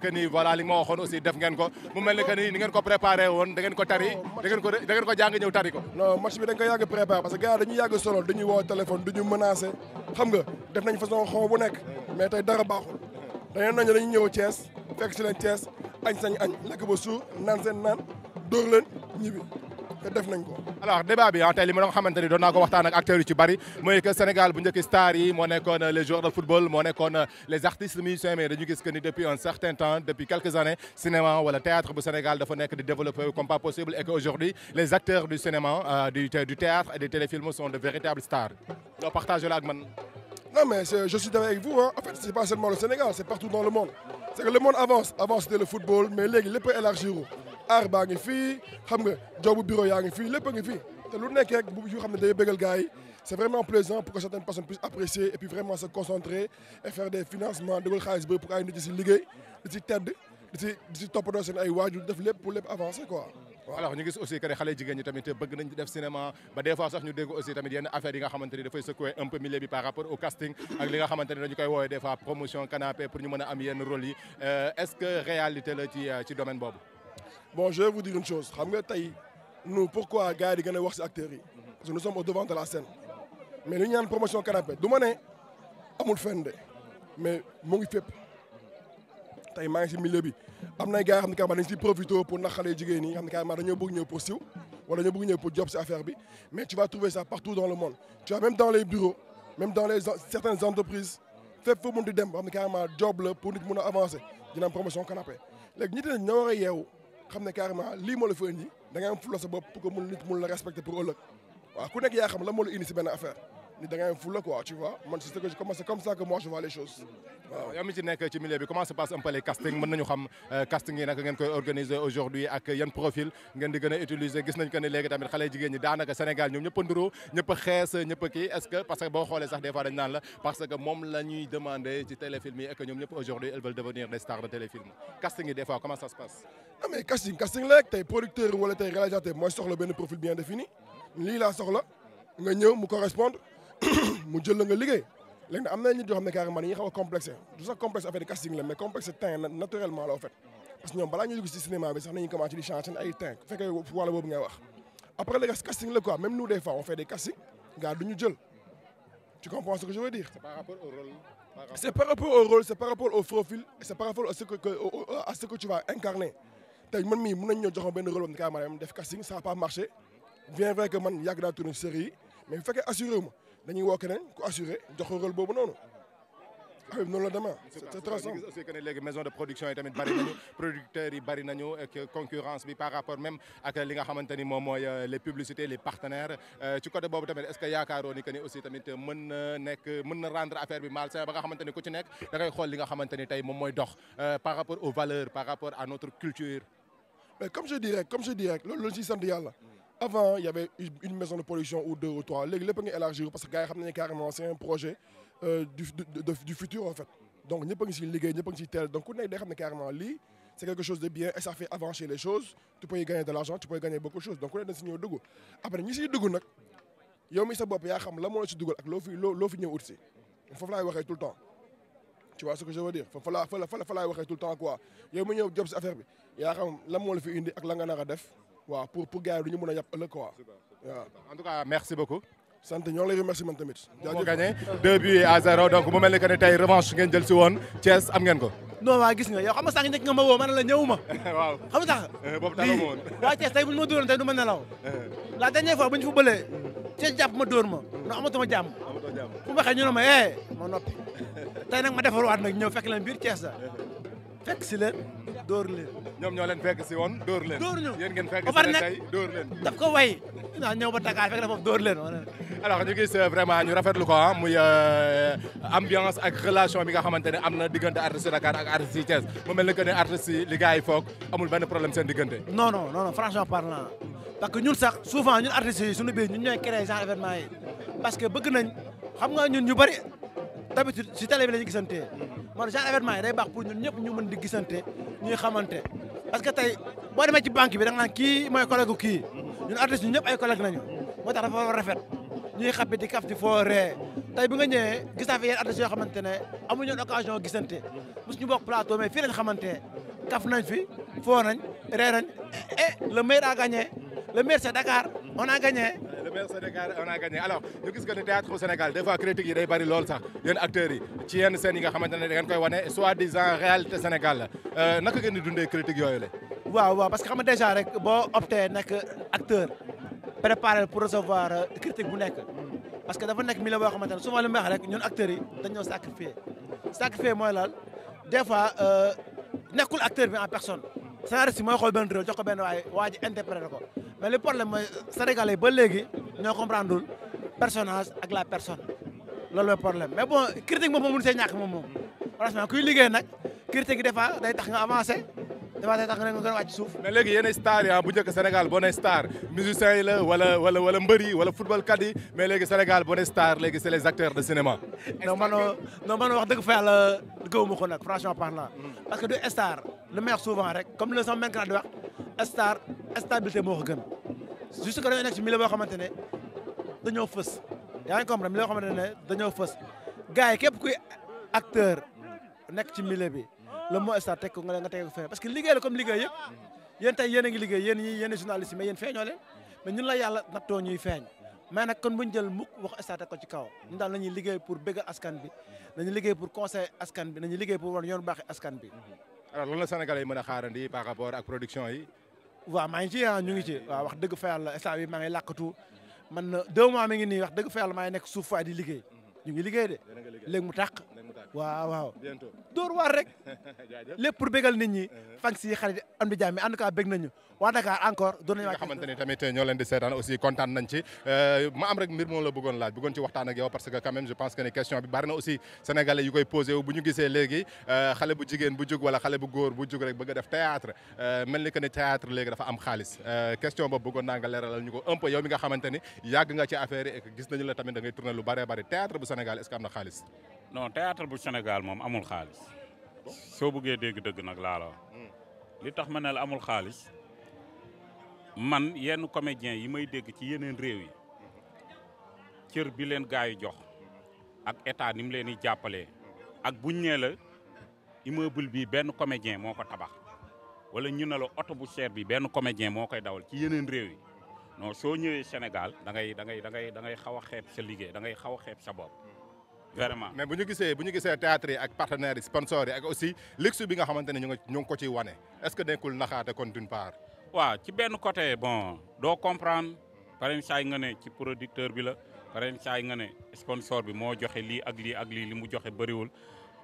vraiment que ni aussi def mu mel ni que ni ni ngeen tari da ngeen ko ñëw tari ko non match bi dañ ko yàgg parce que gars dañuy yàgg solo duñuy woo téléphone duñu menacé xam nga def nañ façon bu nekk mais tey dara baaxul dañeen nañu dañuy ñëw Thiès fekk si leen añ sañ añ lekk ba suur naan seen naan te def ko alors débat bi tey li ma doon ko waxtaan ak acteurs yu bari mooy que Sénégal bu njëkk star yi euh, les joueurs de football moo euh, les artistes musiciens mais dañu gis depuis un certain temps depuis quelques années cinéma wala théâtre bu Sénégal dafa et que euh, téléfilms sont de véritables stars doo partagé la non mais je suis d'accord avec vous hein. en fait c'est pas seulement le Sénégal c'est partout dans aar baa ngi fii xam nga joobu bureau yaa ngi fii lépp a ngi fii te lu nekk rek bu yoo xam ne day bëggal gars yi c'est vraiment plaisant pour que certaines personnes puissent apprécier et puis vraiment se concentrer et faire des financements dugal xaalis bëri si liggéey di si tedd di si di ay waajur def lépp avancer quoi waaw xale jigéen ñi tamit bëgg nañ def cinéma ba des fois ñu dégg aussi tamit yenn affaires yi nga xamante ni dafay secouer un peu ñu mën a am yenn rôle yi euh, est bon je vous dire une chose xam nga tey nous pourquoi gars yi di wax si acteurs yi. parce que nous sommes au devant de la scène. mais li ñu naan promotion canapé du ma ne amul fenn de mais mu ngi fépp tey maa ngi si milieu am na ay gars yoo xam ne carrément dañu siy profité pour naxalee jigéen ñi nga xam ne carrément dañoo bëgg ñëw pour siw wala dañoo bëgg ñëw pour job si affaire bi mais tu vas trouver ça partout dans le monde tu vois même dans les bureaux même dans les certaines entreprises fépp dem ba xam a avancer dina am promotion canapé léegi ñi tey ñoo war xam ne carrément lii moo la fa indi da ngay am mun nit mun la respecter pour ëllëg waaw ku nekk yaa xam la moo la indi si ni da ngay fula quoi tu vois man c'est ce que j'ai commencé comme ça que moi je vois les choses waaw. yow mi ci nekk ci milieu bi comment se passe un peu casting mën nañu xam euh, casting yi naka ngeen koy organiser aujourd'hui ak yan profil ngeen di utiliser gis nañ que ne tamit xale jigéen ñi daanaka Sénégal ñoom ñëpp a xees ñëpp a est-ce que parce que boo xoolee sax des fois parce que moom la demander ci téléfilm yi et que ñoom mu jël la nga liggéey léegi nag am na nit yoo xam ne carrément dañuy xaw a complexé du sax complexe affaire de casting la mais complexe teint naturellement la en fait parce que ñoom balaa ñuy dugg si cinéma bi sax nañuy commencé di changer seen ay teint bu fekkee wàll boobu ngay wax après le casting la quoi même nous des fois on fait des castings gars du ñu jël tu comprends ce que je veux dire. c'est par rapport au rôle. c'est par rapport au rôle c'est par rapport au profil c'est par rapport à ce que à ce que tu vas incarner tey man mii mën nañu ñoo joxoon benn rôle am carrément def casting ça a pas marché bien vrai que man yàgg naa tourner série yi mais bu fekkee assuré wu ma dañuy woo keneen ku assuré jox boobu noonu. Habib ah, noonu la demee c'est très aussi que ne maison de production yi tamit bari nañu producteurs yi bari nañu ak concurrence bi par rapport même ak li nga xamante ni moom mooy euh, les publicités les partenaires euh, ci côté boobu tamit est-ce que yaakaaroo ni que ni aussi tamit mën na rendre affaire bi malsain ba nga xamante ni ku ci nekk da ngay xool li nga xamante ni tey moom mooy dox euh, par rapport aux valeurs par rapport à notre culture. mais comme avant il y avait une maison de production ou deux ou trois léegi lépp a ngi élargir parce que gars yi xam nañu carrément c'est un projet euh, du de, de, donc ñëpp a liggéey ñëpp a ngi siy teel donc ku nekk day xam ne carrément lii c'est quelque chose de bien et ça fait avancer les choses tu peux y gagner de l'argent tu peux y gagner beaucoup choses donc ku nekk dañ si ñëw dugg après ñi siy dugg nag yow mi sa bopp yaa xam la moo la si duggal ak loo fi loo loo fi ñëw ut si foofu laay waxee fa fa laa fa la fa laay waxee tout bi yaa xam moo la fi indi ak nga nar def waaw pour pour gars yi du ñu mën a yàpp ëllëg quoi waaw. en tout cas merci beaucoup. sant ñoo lay tamit. jaajëf moo gagné 2 buts ni que ne tey revanche ngeen jël si woon Thiès am ngeen ko. non waa gis nga yow xam nga sax nekk nga ma woo ma ne la ñëwuma. waaw xam nga sax. Eh, boobu dara ma woon waa Thiès tey ma dóoroon tey ma nelaw. Eh. la dernière fois bu ñu fa bëlee Thiès jàpp ma dóor ma ndax amatuma jàmm. amatuma jàmm fu mu waxee ñu ma eh ma noppi tey nag ma fekk leen biir Thiès eh. fekk si leen dóor leen. ñoom ñoo leen fekk si woon dóor leen. dóor ñu yéen ngeen fekk si leen tey leen. daf ko way naa ñëw ba euh, vraiment ñu rafetlu ko ah, euh, ambiance ak relation bi nga xamante ne am na diggante artistes yi Dakar ak artistes yi Thiès mu mel ne que ne artistes yi li gars yi foog amul benn problème diggante. non non franchement parlant parce ñun sax souvent ñun artistes yi suñu biir ñun ñooy créer genre événement yi parce que bëgg nañ xam ñun ñu bari d'habitude si télé man genre événement yi day baax pour ñun ñëpp ñu mën di gisante ñuy xamante parce que tey boo demee ci banque bi da nga kii mooy collègue kii ñun artistes ñu ñëpp ay collègue nañu moo tax dafa rafet ñuy xappi di kaf di foo ree tey bi nga ñëwee gis naa fi yenn artistes yoo xamante ne amuñu woon occasion gisante mos ñu bokk plateau mais fii lañ xamante kaf nañ fi foo nañ ree nañ eh, eh le meilleur a gagné le meilleur c'est Dakar on a meilleur Sénégal on a gagné alors ñu gis que ni théâtre au Sénégal des fois critiques yi day bari lool sax yéen acteurs yi ci yenn scènes yi nga xamante ne da ngeen koy la euh, naka ngeen dundee critiques yooyu la. waaw waaw parce que xam déjà rek boo opté nekk acteur préparé pour recevoir euh, critique bu nekk. parce que dafa nekk milieu boo xamante souvent li mu rek ñun acteurs yi dañoo sacrifié sacrifié mooy laal des euh, nekkul acteur bi en personne. scénariste bi mooy xool benn rôle ba léegi ñoo comprendre lul personnage ak la personne loolu mooy problème mais bon critique moom moo mun see ñàkk moom moom franchement kuy liggéey nag critique yi des fois day tax nga avancé des fois day nga gën a wàcc suuf mais star ya ah, bu njëkk Sénégal boo nee star musicien yi wala wala wala mbër yi wala football kat yi mais léegi Sénégal boo nee star léegi c'est de cinéma non man non man wax dëgg fa yàlla gëwuma ko nag franchement parlant parce que du star lu meex souvent rek comme le sama menk naa gën juste que dañoo nekk ci milieu boo xamante ne dañoo fës yaa ngi comprendre milieu boo xamante ne dañoo fës gars yi képp kuy acteur nekk ci milieu bi le mot star teg ko nga nga teg ko feneen parce que liggéey la comme liggéey yëpp yéen tey yéen a ngi liggéey yéen ñii yéen journaliste yi mais yéen ñun la yàlla nattoo ñuy feeñ mais nag kon buñu jël mukk wax star ko ci kaw ñun daal nañuy liggéey pour bëggal askan bi nañu liggéey pour conseil askan bi nañu liggéey pour wan yoon baaxi askan bi alors lan la Sénégalais yi mën a xaarandi par rapport ak production yi waaw maa ngi ci ah ñu ngi ci wa wax dëgg fa yàlla instant bi maa ngi làkkatu man deux mois mi ngi nii wax dëgg fa yàlla maa ngi nekk suuf fa di liggéey ñu ngi liggéey de léegi mu tàq waaw waaw dóor waar rek lépp pour bégal nit ñi uh-huh. fan si xarit am di jàmm en tout cas bég nañu waa Dakar encore doon nañu nga xamante ni tamit ñoo leen di seetaan aussi kontaan nañ ci euh, ma am rek mbir moom la bëggoon laaj bëggoon ci waxtaan ak yow parce que quand même je pense que ne question bi bari na aussi sénégalais yu koy posé bu ñu gisee léegi euh, xale bu jigéen bu jug wala xale bu góor bu jug rek bëgg a def théâtre euh, mel ni que ne théâtre léegi dafa am xaalis question boobu bëggoon naa nga leeralal ñu ko un yow mi nga xamante ni yàgg nga ci affaire yi gis nañu la tamit da ngay tourné lu bari bari théâtre bu Sénégal xaalis non théâtre bu Sénégal moom amul xaalis soo bëggee dégg dëgg nag laalo li tax ma ne la amul xaalis man yenn comédien yi may dégg ci yeneen réew yi cër bi leen gaa yi jox ak état ni mu leen di jàppalee ak buñ nee la immeuble bi benn comédien moo ko tabax wala ñu ne la oto bu cher bi benn comédien moo koy dawal ci yeneen réew yi non soo ñëwee Sénégal da ngay da ngay da ngay da ngay xaw a xeeb sa liggéey da ngay xaw a xeeb sa bopp vraiment mais bu ñu gisee bu ñu gisee théâtre yi ak partenaires yi sponsors yi ak aussi luxe bi nga xamante ne ñu ngi ñu ngi ko ciy wane est-ce que nekkul naxaate kon d'une part. waaw ci benn côté bon doo comprendre par exemple saa nga ne ci producteur bi la par exemple saa nga ne sponsor bi moo joxe lii ak lii ak lii li mu joxe bëriwul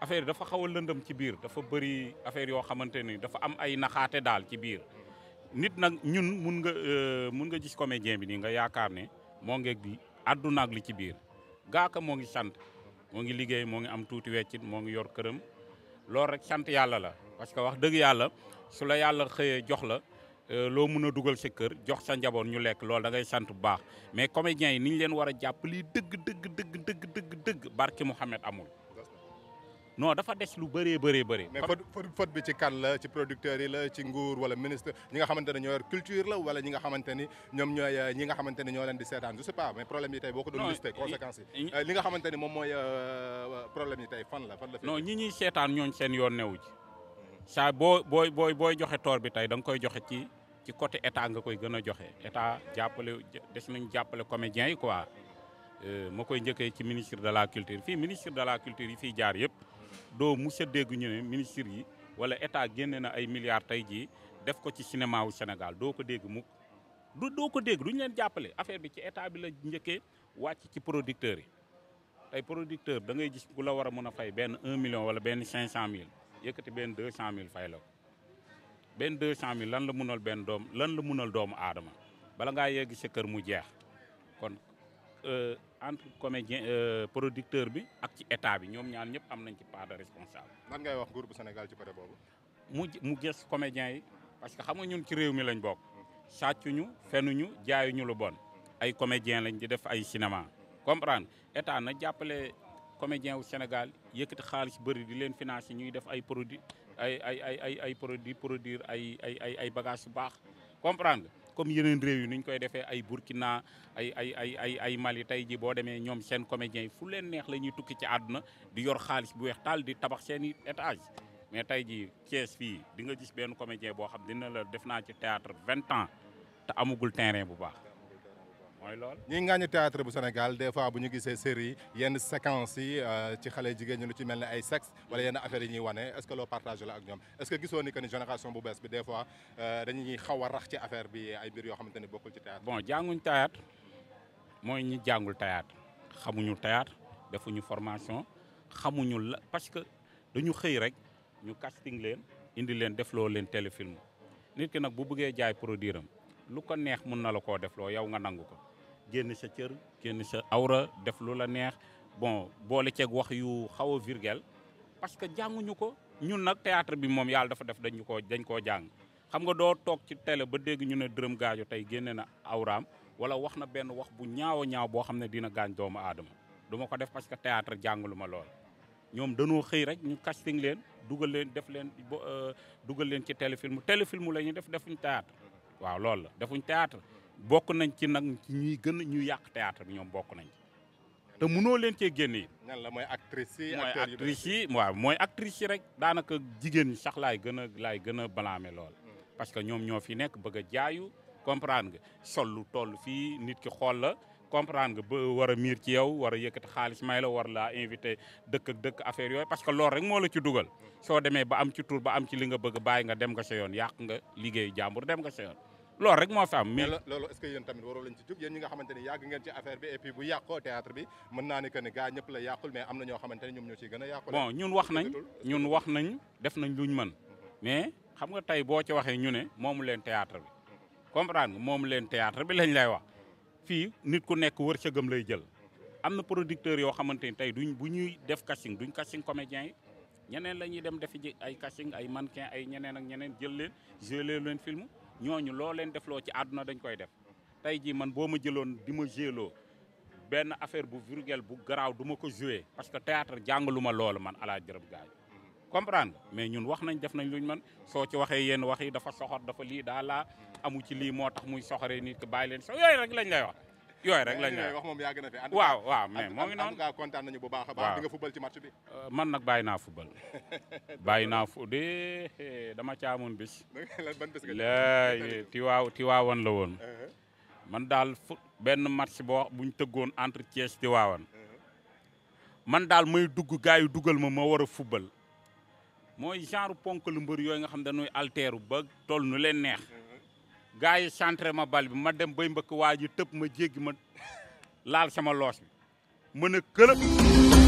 affaire dafa xaw a lëndëm ci biir dafa bëri affaire yoo xamante ni dafa am ay naxaate daal ci biir. nit nag ñun mun nga euh, mun nga gis comédien bi nii nga yaakaar ne moo bi àdduna ak li ci biir gaaka moo ngi sant. moo ngi liggéey moo ngi am tuuti weccit moo ngi yor këram loolu rek sant yàlla la parce que wax dëgg yàlla su la yàlla xëyee jox la euh, loo mun a dugal sa kër jox sa njaboot ñu lekk loolu da ngay sant bu baax mais comédiens yi ni leen war a jàpp lii dëgg dëgg dëgg dëgg dëgg dëgg barki Mouhamed amul non dafa des lu bëree bëree bëri. mais faute bi ci kan la ci producteurs yi la ci nguur wala ministre ñi nga xamante ne ñoo yor culture la wala ñi nga xamante ni ñoom ñooy euh, ñi nga xamante ni ñoo leen di seetaan je sais pas mais problème yi tey boo ko doon listé yi euh, nga xamante ni moom mooy euh, problème yi tey fan la fan la. non ñi ñuy seetaan ñooñ seen yoon newu ji hmm. saa boo boo booy booy joxe toor bi tey danga koy joxe ci ci côté état nga koy gën a joxe état jàppale des nañ jàppale comédiens yi quoi ma koy njëkkee ci ministre de la culture fii ministre de la culture yi fi jaar yëpp doo mu a dégg ñu ne ministre yi wala état génne na ay milliards tey jii def ko ci cinéma wu Sénégal doo ko dégg mukk du doo ko dégg duñu leen jàppale affaire bi ci état bi la njëkkee wàcc ci producteurs yi tey producteur da ngay gis ku la war a mën a fay benn 1 million wala benn 500000 yëkkati benn 200000 fay la ko benn 200000 lan la mënal benn doom lan la mënal doomu aadama bala ngaa yegg sa kër mu jeex kon Euh, entre comédien euh, producteur bi ak ci état bi ñoom ñaan ñëpp am nañ ci part de responsable. lan ngay wax nguur bu Sénégal ci côté boobu. mu mu gës comédiens yi parce que xam nga ñun ci réew mi lañ bokk. sàccuñu fenuñu jaayuñu lu bon. ay comédien lañ di def ay cinéma. comprendre état na jàppale comédien wu Sénégal yëkkati xaalis bëri di leen financer ñuy def ay produit ay ay ay ay ay produit produire ay ay ay ay bagages yu baax comprendre comme yeneen réew yi nu ñu koy defee ay Burkina ay ay ay ay ay Mali tey ji boo demee ñoom seen comédiens yi fu leen neex la ñuy tukki ci àdduna di yor xaalis bu weex taal di tabax seen i étage mais tey ji Thiès fii di nga gis benn comédien boo xam dina la def naa ci théâtre vingt ans te amugul terrain bu baax mooy lool ñi ngaañu théâtre bu Sénégal des fois bu ñu gisee série yenn séquences yi euh, ci xale jigéen ñi lu ci mel ni ay sexe wala yenn affaires yi ñuy wane est-ce que loo partagé la ak ñoom est-ce que gisoo ni que ni génération bu bees bi des fois euh, dañuy xaw a rax ci affaire bi ay mbir yoo xamante ni bokkul ci théâtre. bon jànguñ théâtre mooy ñu jàngul théâtre xamuñu théâtre defuñu formation xamuñu la parce que dañu xëy rek ñu casting leen indi leen defloo leen téléfilm nit ki bu bëggee jaay produit am lu ko neex mun na la koo def loo yow nga nangu ko génn sa cër génn sa awra def lu la neex bon boole ceeg wax yu xaw a virgule parce que jànguñu ko ñun nag théâtre bi moom yàlla dafa def dañu koo dañ koo jàng xam nga doo toog ci télé ba dégg ñu ne dërëm gaajo tey génne na awraam wala wax na benn wax bu ñaaw a ñaaw boo xam ne dina gaañ doomu aadama duma ko def parce que théâtre jàngalu ma lool ñoom dañoo xëy rek ñu casting leen dugal leen def leen euh, dugal leen ci téléfilm téléfilm la ñu def defuñ théâtre waaw loolu la defuñ théâtre bokk nañ ci nag ñuy gën ñu yàq théâtre bi ñoom bokk nañ te mënoo leen cee génne yi la mooy actrice yi mooy actrice yi waaw mooy actrice yi rek daanaka jigéen ñi sax laay gën a laay gën a balaame lool parce que ñoom ñoo fi nekk bëgg a jaayu comprendre nga sol lu toll fii nit ki xool la comprendre nga ba war a miir ci yow war a yëkkati xaalis may la war laa invité dëkk ak dëkk affaire yooyu parce que loolu rek moo la ci dugal soo demee ba am ci ba am ci li nga bëgg bàyyi nga dem nga sa yoon yàq nga liggéeyu jàmbur dem nga sa loolu rek moo fi am. mais loolu est-ce que yéen tamit waroo jug yéen ñi nga xamante ni ngeen ci affaire bi et bu yàqoo théâtre bi mën naa ni que ñëpp la yàqul na bon ñun wax nañ def nañ luñ man mhm. mais xam nga tey boo ci waxee ñu ne moomu leen théâtre bi comprendre nga moomu leen théâtre bi lañ lay wax fii nit ku nekk wër wërsëgam lay jël am na producteur yoo xamante ni tey duñ bu ñuy def casting duñ casting comédien yi ñeneen la ñuy dem defi ji ay casting ay man mannequin ay ñeneen ak ñeneen jël leen joué leen film ñooñu loo leen defloo ci àdduna dañ koy def tey jii man boo ma jëloon di ma géeloo benn affaire bu virgule bu garaaw duma ko joué parce que théâtre jàngaluma lool man alaa jërëb gaañ comprendre mais ñun wax nañ def nañ luñ man soo ci waxee yenn wax yi dafa soxor dafa lii daa laa amu ci lii moo tax muy soxoree nit ki bàyyi leen so yooyu rek lañ lay wax yooyu rek lañ wax moom yaa gën a fi waaw waaw mais moom ngi noonu kontaan nañu bu baax baax di nga football ci man nag bàyyi naa football bàyyi naa fu de dama caamoon bis la tiwaaw tiwaawan la woon uh-huh. man daal fu benn match boo buñ tëggoon entre Thiès tiwaawan uh-huh. man daal may dugg gars dugal ma ma war a mooy genre ponk lu mbër yooyu nga xam dañuy alteeru ba toll nu leen neex gars yi centré ma bal bi ma dem bay mbëkk waa ji tëb ma jéggi ma laal sama loos bi mën a këlëb